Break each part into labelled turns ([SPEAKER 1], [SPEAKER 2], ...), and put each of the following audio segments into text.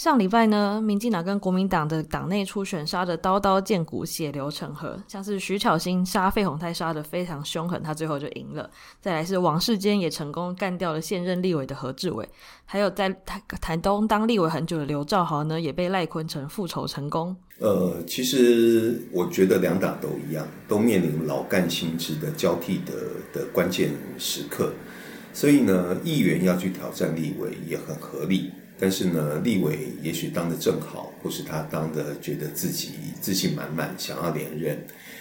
[SPEAKER 1] 上禮拜呢，民進黨跟國民黨的黨內初選殺的刀刀見骨，血流成河。像是徐巧芯殺費鴻泰殺的非常凶狠，他最後就贏了。再來是王世堅也成功幹掉了現任立委的何志偉，還有在台台東當立委很久的劉櫂豪呢，也被賴坤成復仇成功。
[SPEAKER 2] 呃，其實我覺得兩黨都一樣，都面臨老幹新枝的交替的的關鍵時刻，所以呢，議員要去挑戰立委也很合理。但是呢，立委也許當得正好，或是他當得覺得自己自信滿滿，想要連任，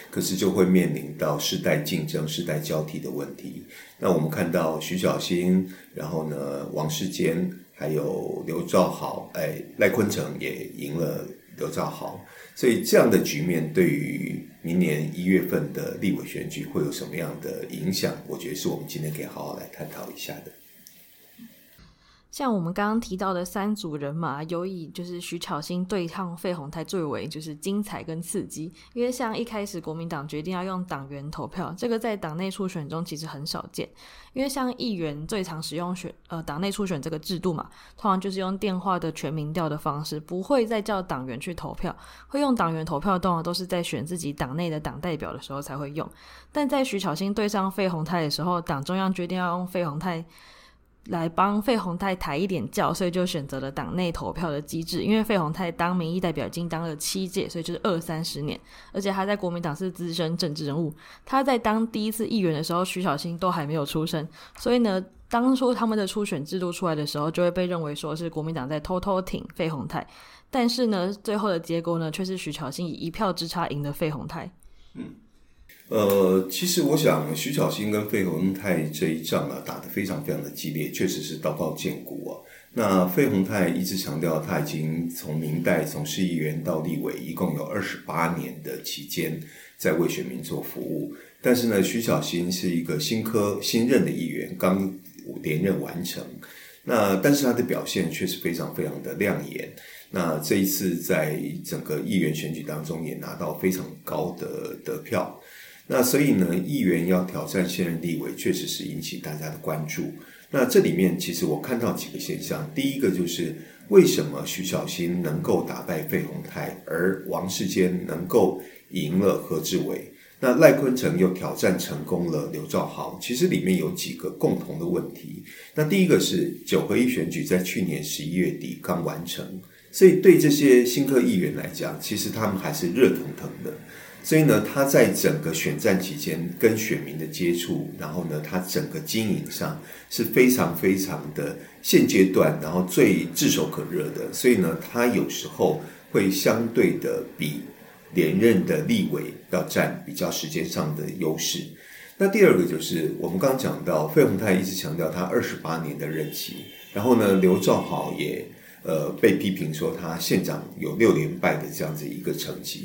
[SPEAKER 2] 可是就會面臨到世代競爭、世代交替的問題。那我們看到徐巧芯，然後呢，王世堅，還有劉櫂豪，哎、欸，賴坤成也贏了劉櫂豪，所以這樣的局面對於明年一月份的立委選舉會有什麼樣的影響？我覺得是我們今天可以好好來探討一下的。
[SPEAKER 1] 像我們剛剛提到的三組人馬，尤以就是徐巧芯對抗費鴻泰最為就是精彩跟刺激。因為像一開始國民黨決定要用黨員投票，這個在黨內初選中其實很少見。因為像議員最常使用選，呃，黨內初選這個制度嘛，通常就是用電話的全民調的方式，不會再叫黨員去投票，會用黨員投票的通常都是在選自己黨內的黨代表的時候才會用。但在徐巧芯對上費鴻泰的時候，黨中央決定要用費鴻泰。來幫費鴻泰抬一點轎，所以就選擇了黨內投票的機制。因為費鴻泰當民意代表已經當了七屆，所以就是二三十年，而且他在國民黨是資深政治人物。他在當第一次議員的時候，徐巧芯都還沒有出生，所以呢，當初他們的初選制度出來的時候，就會被認為說是國民黨在偷偷挺費鴻泰。但是呢，最後的結果呢，卻是徐巧芯以一票之差贏了費鴻泰。嗯。
[SPEAKER 2] 呃，其實我想，徐巧芯跟費鴻泰這一仗啊，打得非常非常的激烈，確實是刀刀見骨啊、哦。那費鴻泰一直強調，他已經從民代、從市議員到立委，一共有二十八年的期間在為選民做服務。但是呢，徐巧芯是一個新科新任的議員，剛連任完成。那但是他的表現卻是非常非常的亮眼。那這一次在整個議員選舉當中，也拿到非常高的得票。那所以呢，議員要挑戰現任立委，確實是引起大家的關注。那這裡面其實我看到幾個現象，第一個就是為什麼徐巧芯能夠打敗費鴻泰，而王世堅能夠贏了何志偉？那賴坤成又挑戰成功了劉櫂豪？其實裡面有幾個共同的問題。那第一個是九合一選舉在去年十一月底剛完成，所以對這些新科議員來講，其實他們還是熱騰騰的。所以呢，他在整個選戰期間跟選民的接觸，然後呢，他整個經營上是非常非常的現階段，然後最炙手可熱的。所以呢，他有時候會相對的比連任的立委要占比較時間上的優勢。那第二個就是我們剛講到，費鴻泰一直強調他二十八年的任期，然後呢，劉櫂豪也呃被批評說他縣長有六連敗的這樣子一個成績。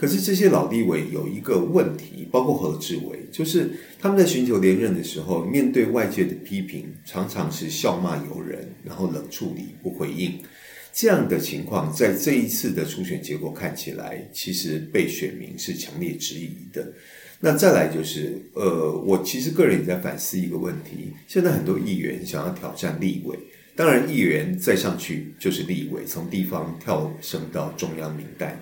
[SPEAKER 2] 可是這些老立委有一個問題，包括何志偉，就是他們在尋求連任的時候，面對外界的批評，常常是笑罵由人，然後冷處理不回應。這樣的情況，在這一次的初選結果看起來，其實被選民是強烈質疑的。那再來就是，呃，我其實個人也在反思一個問題：現在很多議員想要挑戰立委，當然議員再上去就是立委，從地方跳升到中央民代。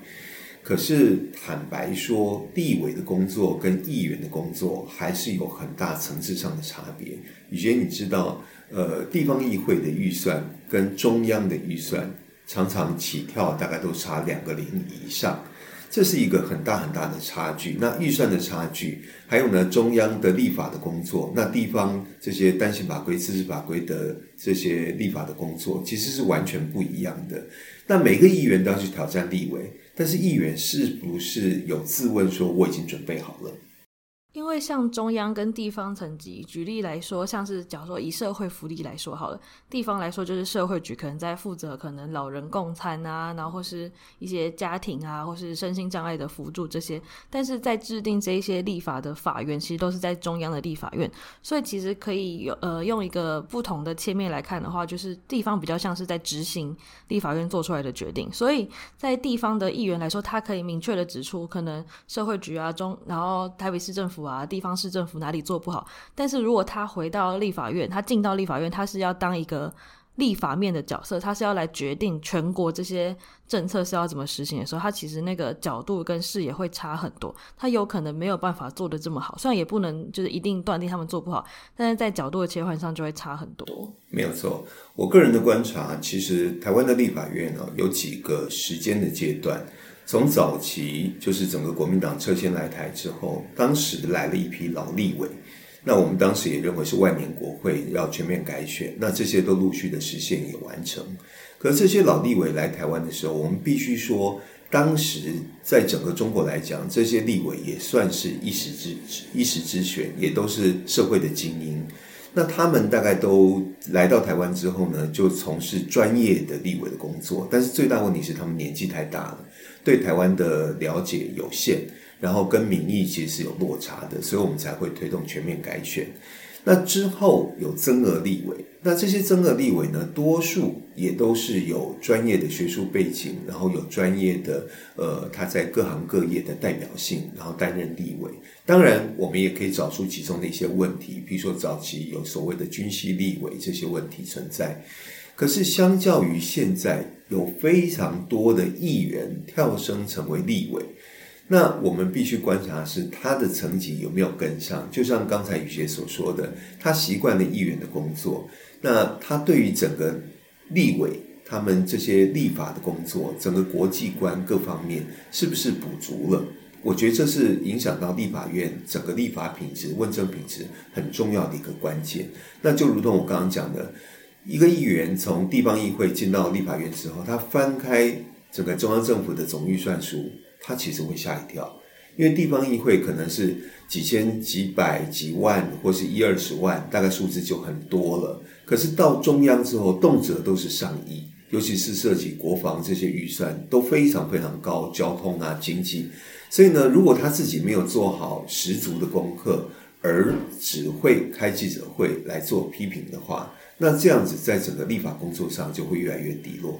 [SPEAKER 2] 可是，坦白說，立委的工作跟議員的工作還是有很大層次上的差別。以前你知道，呃，地方議會的預算跟中央的預算常常起跳，大概都差兩個零以上，這是一個很大很大的差距。那預算的差距，還有呢，中央的立法的工作，那地方這些單行法規、自治法規的這些立法的工作，其實是完全不一樣的。那每個議員都要去挑戰立委。但是議員是不是有自問說，我已經準備好了？
[SPEAKER 1] 因為像中央跟地方層級，舉，舉例來說，像是假如說以社會福利來說好了，地方來說就是社會局，可能在負責可能老人共餐啊，然後或是一些家庭啊，或是身心障礙的輔助這些。但是在制定這一些立法的法院，其實都是在中央的立法院，所以其實可以有呃用一個不同的切面來看的話，就是地方比較像是在執行立法院做出來的決定，所以在地方的議員來說，他可以明確的指出，可能社會局啊中，然後台北市政府。啊，地方市政府哪裡做不好？但是如果他回到立法院，他進到立法院，他是要當一個立法面的角色，他是要來決定全國這些政策是要怎麼實行的時候，他其實那個角度跟視野會差很多，他有可能沒有辦法做得這麼好。雖然也不能就是一定斷定他們做不好，但是在角度的切換上就會差很多。沒有錯，我
[SPEAKER 2] 個人的觀察，其實台灣的立法院呢、哦、有幾個時間的階段。從早期就是整個國民黨撤遷來台之後，當時來了一批老立委，那我們當時也認為是萬年國會要全面改選，那這些都陸續的實現也完成。可這些老立委來台灣的時候，我們必須說，當時在整個中國來講，這些立委也算是一時之一時之選，也都是社會的精英。那他們大概都來到台灣之後呢，就從事專業的立委的工作。但是最大問題是他們年紀太大了。對台灣的了解有限，然後跟民意其實是有落差的，所以我們才會推動全面改選。那之後有增額立委，那這些增額立委呢，多數也都是有專業的學術背景，然後有專業的呃，他在各行各業的代表性，然後擔任立委。當然，我們也可以找出其中的一些問題，比如說早期有所謂的軍系立委這些問題存在。可是，相較於現在有非常多的議員跳升成為立委，那我們必須觀察的是他的層級有沒有跟上。就像剛才於學所說的，他習慣了議員的工作，那他對於整個立委他們這些立法的工作，整個國際觀各方面，是不是補足了？我覺得這是影響到立法院整個立法品質、問政品質很重要的一個關鍵。那就如同我剛剛講的。一個議員從地方議會進到立法院之後，他翻開整個中央政府的總預算書，他其實會嚇一跳，因為地方議會可能是幾千、幾百、幾萬，或是一二十萬，大概數字就很多了。可是到中央之後，動輒都是上億，尤其是涉及國防這些預算都非常非常高，交通啊、經濟。所以呢，如果他自己沒有做好十足的功課，而只會開記者會來做批評的話，那這樣子，在整個立法工作上就會越來越低落。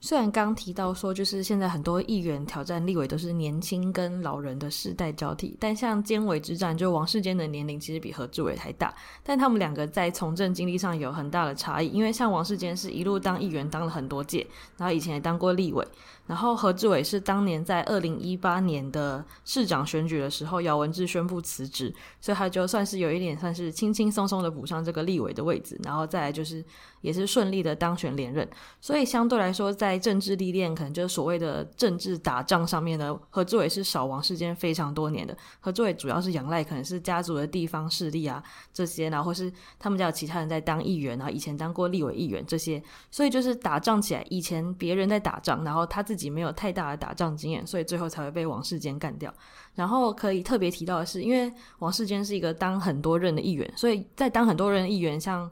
[SPEAKER 1] 雖然剛提到說，就是現在很多議員挑戰立委都是年輕跟老人的世代交替，但像監委之戰，就王世堅的年齡其實比何志偉還大，但他們兩個在從政經歷上有很大的差異，因為像王世堅是一路當議員當了很多屆，然後以前也當過立委。然後何志偉是當年在二零一八年的市長選舉的時候，姚文智宣布辭職，所以他就算是有一點算是輕輕鬆鬆的補上這個立委的位置，然後再來就是也是順利的當選連任。所以相對來說，在政治歷練，可能就是所謂的政治打仗上面呢，何志偉是少王世堅非常多年的。何志偉主要是仰賴可能是家族的地方勢力啊這些，然後或是他們家有其他人在當議員，然後以前當過立委議員這些，所以就是打仗起來，以前別人在打仗，然後他自己。沒有太大的打仗經驗，所以最後才會被王世堅幹掉。然後可以特別提到的是，因為王世堅是一個當很多任的議員，所以在當很多任的議員，像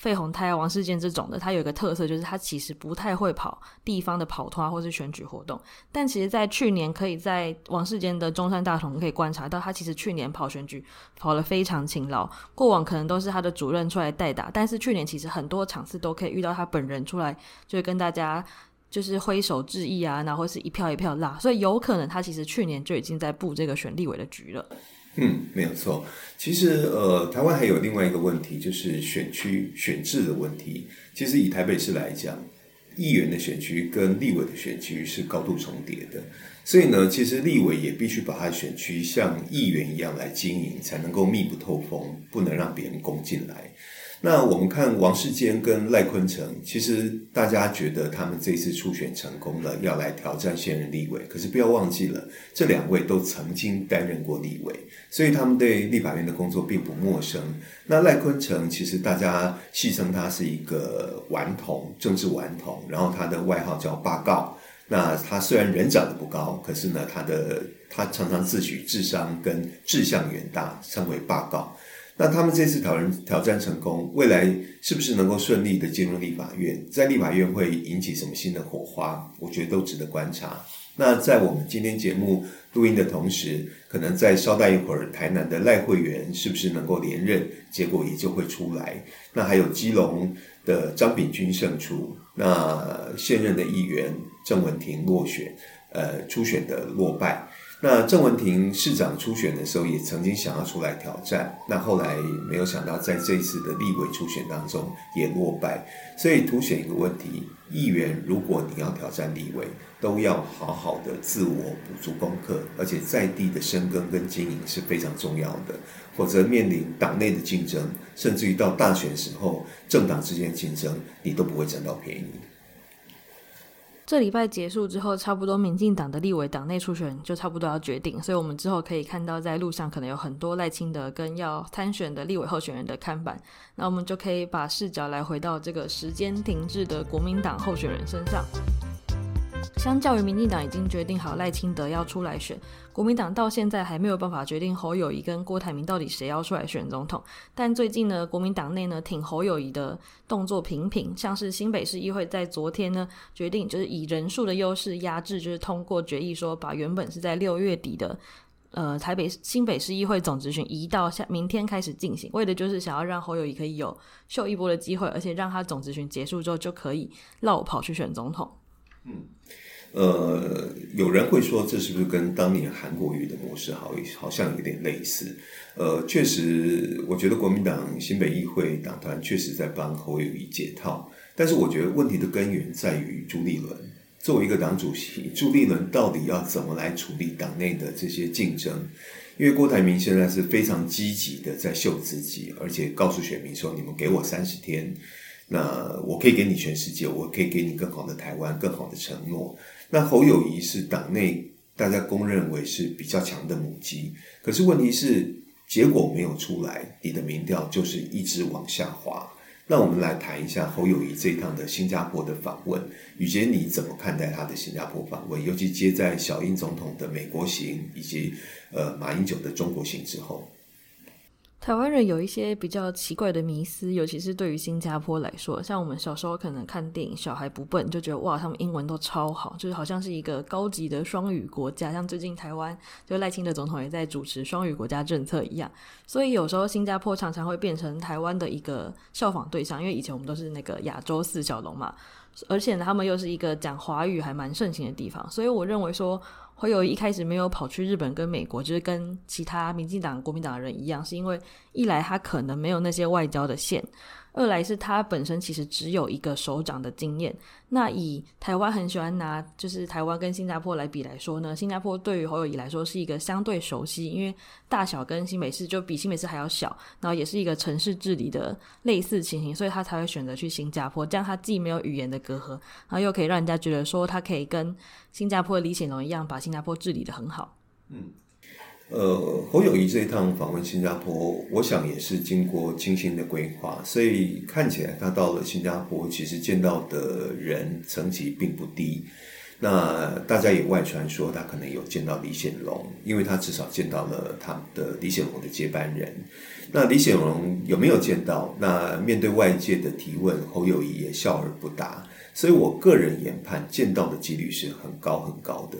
[SPEAKER 1] 費鴻泰、王世堅這種的，他有一個特色就是他其實不太會跑地方的跑攤，啊、或是選舉活動。但其實，在去年可以在王世堅的中山大同可以觀察到，他其實去年跑選舉跑得非常勤勞。過往可能都是他的主任出來代打，但是去年其實很多場次都可以遇到他本人出來，就跟大家。就是揮手致意啊，然後是一票一票拉，所以有可能他其實去年就已經在布這個選立委的局了。
[SPEAKER 2] 嗯，沒有錯。其實呃，台灣還有另外一個問題，就是選區選制的問題。其實以台北市來講，
[SPEAKER 1] 議員的
[SPEAKER 2] 選區跟立委的選區是高度重疊的，所以呢，其實立委也必須把他的選區像議員一樣來經營，才能夠密不透風，不能讓別人攻進來。那我們看王世堅跟賴坤成，其實大家覺得他們這次初選成功了，要來挑戰現任立委。可是不要忘記了，這兩位都曾經擔任過立委，所以他們對立法院的工作並不陌生。那賴坤成其實大家戲稱他是一個頑童，政治頑童，然後他的外號叫霸告。那他雖然人長得不高，可是呢，他的他常常自詡智商跟志向遠大，稱為霸告。那他們這次挑戰挑戰成功，未來是不是能夠順利的進入立法院？在立法院會引起什麼新的火花？我覺得都值得觀察。那在我們今天節目錄音的同時，可能再稍待一會兒，台南的賴惠員是不是能夠連任？結果也就會出來。那還有基隆的張炳君勝出，那現任的議員鄭文婷落選，呃，初選的落敗。那鄭文婷市長初選的時候，也曾經想要出來挑戰，那後來沒有想到，在這次的立委初選當中也落敗。所以，凸顯一個問題，議員如果你要挑戰立委，都要好好的自我補足功課，而且在地的深耕跟經營是非常重要的，否則面臨黨內的競爭，甚至於到大選時候，政黨之間的競爭，你都不會佔到便宜。
[SPEAKER 1] 這禮拜結束之後，差不多民進黨的立委黨內初選就差不多要決定，所以我們之後可以看到在路上可能有很多賴清德跟要參選的立委候選人的看板，那我們就可以把視角來回到這個時間停滯的國民黨候選人身上。相較於民進黨已經決定好賴清德要出來選，國民黨到現在還沒有辦法決定侯友宜跟郭台銘到底誰要出來選總統。但最近呢，國民黨內呢挺侯友宜的動作頻頻，像是新北市議會，在昨天呢決定就是以人數的優勢壓制，就是通過決議說把原本是在六月底的，呃台北新北市議會總質詢移到下明天開始進行，為的就是想要讓侯友宜可以有秀一波的機會，而且讓他總質詢結束之後就可以落跑去選總統。
[SPEAKER 2] 嗯，呃，有人會說這是不是跟當年韓國瑜的模式好一好像有點類似？呃，確實，我覺得國民黨新北議會黨團確實在幫侯友宜解套，但是我覺得問題的根源在於朱立倫。作為一個黨主席，朱立倫到底要怎麼來處理黨內的這些競爭？因為郭台銘現在是非常積極的在秀自己，而且告訴選民說：“你們給我三十天。”那我可以給你全世界，我可以給你更好的台灣，更好的承諾。那侯友宜是黨內大家公認為是比較強的母雞，可是問題是結果沒有出來，你的民調就是一直往下滑。那我們來談一下侯友宜這一趟的新加坡的訪問，宇杰，你怎麼看待他的新加坡訪問？尤其接在小英總統的美國行以及呃馬英九的中國行之後。
[SPEAKER 1] 台灣人有一些比較奇怪的迷思，尤其是對於新加坡來說，像我們小時候可能看電影《小孩不笨》，就覺得哇，他們英文都超好，就是好像是一個高級的雙語國家，像最近台灣就賴清德總統也在主持雙語國家政策一樣，所以有時候新加坡常常會變成台灣的一個效仿對象，因為以前我們都是那個亞洲四小龍嘛，而且呢，他們又是一個講華語還蠻盛行的地方，所以我認為說。會有一開始沒有跑去日本跟美國，就是跟其他民進黨、國民黨的人一樣，是因為一來他可能沒有那些外交的線。二來是他本身其實只有一個首長的經驗。那以台灣很喜歡拿就是台灣跟新加坡來比來說呢，新加坡對於侯友宜來說是一個相對熟悉，因為大小跟新北市就比新北市還要小，然後也是一個城市治理的類似情形，所以他才會選擇去新加坡，這樣他既沒有語言的隔閡，然後又可以讓人家覺得說他可以跟新加坡的李顯龍一樣把新加坡治理的很好。嗯。
[SPEAKER 2] 呃，侯友宜這一趟訪問新加坡，我想也是經過精心的規劃，所以看起來他到了新加坡，其實見到的人層級並不低。那大家也外傳說他可能有見到李顯龍，因為他至少見到了他的李顯龍的接班人。那李顯龍有沒有見到？那面對外界的提問，侯友宜也笑而不答。所以我個人研判，見到的幾率是很高很高的。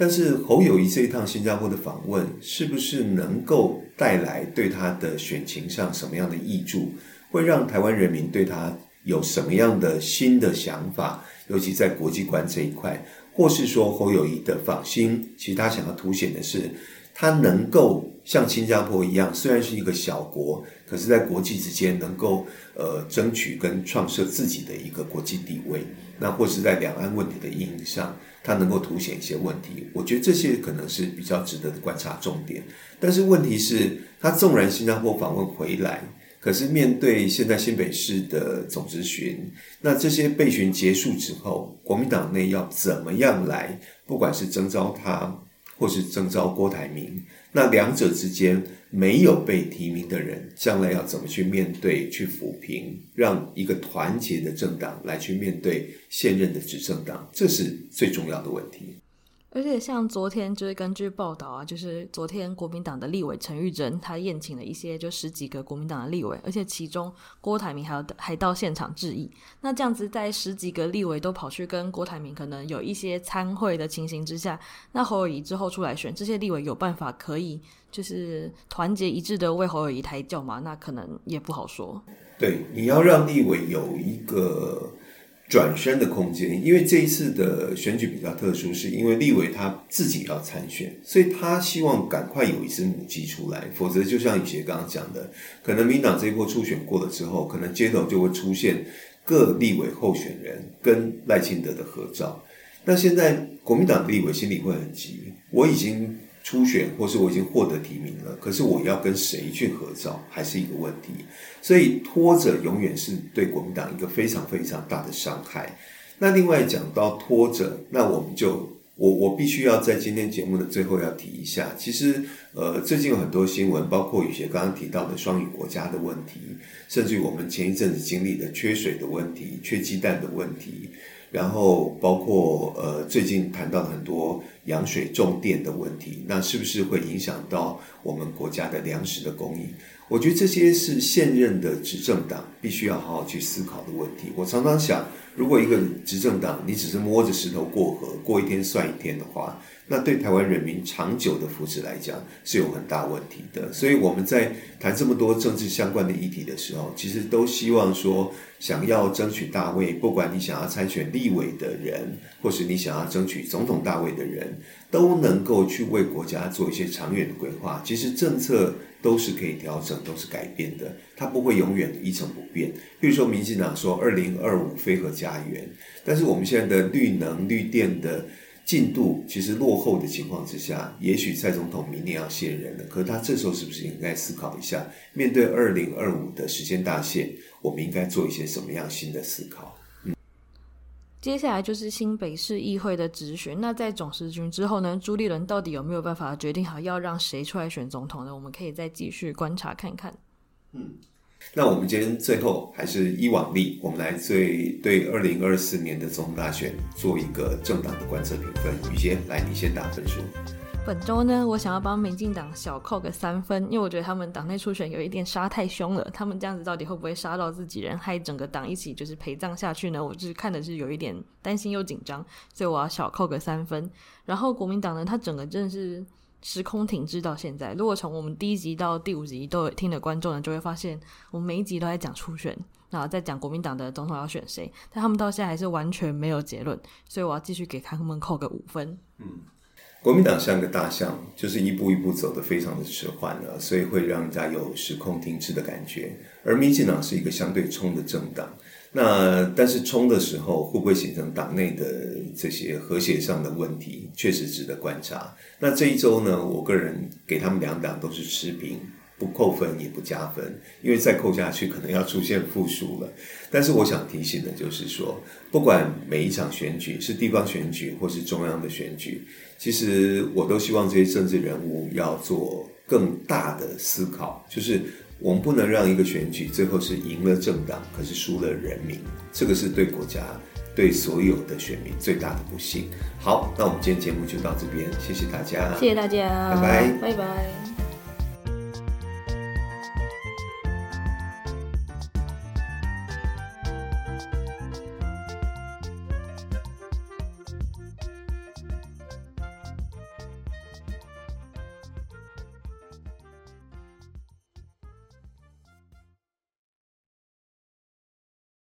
[SPEAKER 2] 但是侯友宜這一趟新加坡的訪問，是不是能夠帶來對他的選情上什麼樣的益處？會讓台灣人民對他有什麼樣的新的想法？尤其在國際觀這一塊，或是說侯友宜的訪新，其實他想要凸顯的是，他能夠像新加坡一樣，雖然是一個小國，可是，在國際之間能夠呃爭取跟創設自己的一個國際地位。那或是在兩岸問題的意義上，他能夠凸顯一些問題，我覺得這些可能是比較值得觀察重點。但是問題是，他縱然新加坡訪問回來，可是面對現在新北市的總質詢，那這些備詢結束之後，國民黨內要怎麼樣來？不管是徵召他，或是徵召郭台銘，那兩者之間。沒有被提名的人，將來要怎麼去面對、去撫平，讓一個團結的政黨來去面對現任的執政黨，這是最重要的問題。
[SPEAKER 1] 而且像昨天，就是根據報道啊，就是昨天國民黨的立委陳玉珍，他宴請了一些就十幾個國民黨的立委，而且其中郭台銘還還到現場致意。那這樣子，在十幾個立委都跑去跟郭台銘可能有一些參會的情形之下，那侯友宜之後出來選，這些立委有辦法可以就是團結一致的為侯友宜抬轎嗎？那可能也不好說。
[SPEAKER 2] 對，你要讓立委有一個。轉身的空間，因為這一次的選舉比較特殊，是因為立委他自己要參選，所以他希望趕快有一隻母雞出來，否則就像以前剛剛講的，可能民黨這一波初選過了之後，可能街頭就會出現各立委候選人跟賴清德的合照。那現在國民黨立委心裡會很急，我已經。初選或是我已經獲得提名了，可是我要跟誰去合照還是一個問題，所以拖着永遠是對國民黨一個非常非常大的傷害。那另外講到拖着，那我們就我我必須要在今天節目的最後要提一下，其實呃最近有很多新聞，包括有些剛剛提到的雙語國家的問題，甚至於我們前一陣子經歷的缺水的問題、缺雞蛋的問題。然後包括呃，最近談到很多養水種電的問題，那是不是會影響到我們國家的糧食的供應？我覺得這些是現任的執政黨必須要好好去思考的問題。我常常想，如果一個執政黨你只是摸着石頭過河，過一天算一天的話，那對台灣人民長久的福祉來講是有很大問題的。所以我們在談這麼多政治相關的議題的時候，其實都希望說。想要爭取大位，不管你想要參選立委的人，或是你想要爭取總統大位的人，都能夠去為國家做一些長遠的規劃。其實政策都是可以調整，都是改變的，它不會永遠一成不變。比如說民進黨說二零二五非核家園，但是我們現在的綠能綠電的。進度其實落後的情況之下，也許蔡總統明年要卸任了。可是他這時候是不是應該思考一下，面對二零二五的時間大限，我們應該做一些什麼樣新的思考？嗯，
[SPEAKER 1] 接下來就是新北市議會的質詢。那在總質詢之後呢，朱立倫到底有沒有辦法決定好要讓誰出來選總統呢？我們可以再繼續觀察看看。嗯。
[SPEAKER 2] 那我們今天最後還是依往例，我們來最對二零二四年的總統大選做一個政黨的觀測評分。雨杰，來，你先打分數。
[SPEAKER 1] 本周呢，我想要幫民進黨小扣個三分，因為我覺得他們黨內初選有一點殺太兇了。他們這樣子到底會不會殺到自己人，害整個黨一起就是陪葬下去呢？我就是看的是有一點擔心又緊張，所以我要小扣個三分。然後國民黨呢，他整個真的是。時空停滯到現在，如果從我們第一集到第五集都有聽的觀眾呢，就會發現我們每一集都在講初選，然後在講國民黨的總統要選誰，但他們到現在還是完全沒有結論，所以我要繼續給他們扣個五分。嗯，
[SPEAKER 2] 國民黨像個大象，就是一步一步走的非常的遲緩了，所以會讓人家有時空停滯的感覺，而民進黨是一個相對衝的政黨。那但是衝的時候會不會形成黨內的這些和諧上的問題，確實值得觀察。那這一周呢，我個人給他們兩黨都是持平，不扣分也不加分，因為再扣下去可能要出現負數了。但是我想提醒的就是說，不管每一場選舉是地方選舉或是中央的選舉，其實我都希望這些政治人物要做更大的思考，就是。我們不能讓一個選舉最後是贏了政黨，可是輸了人民，這個是對國家、對所有的選民最大的不幸。好，那我們今天節目就到這邊，謝謝大家，謝謝大家，拜拜，
[SPEAKER 1] 拜拜。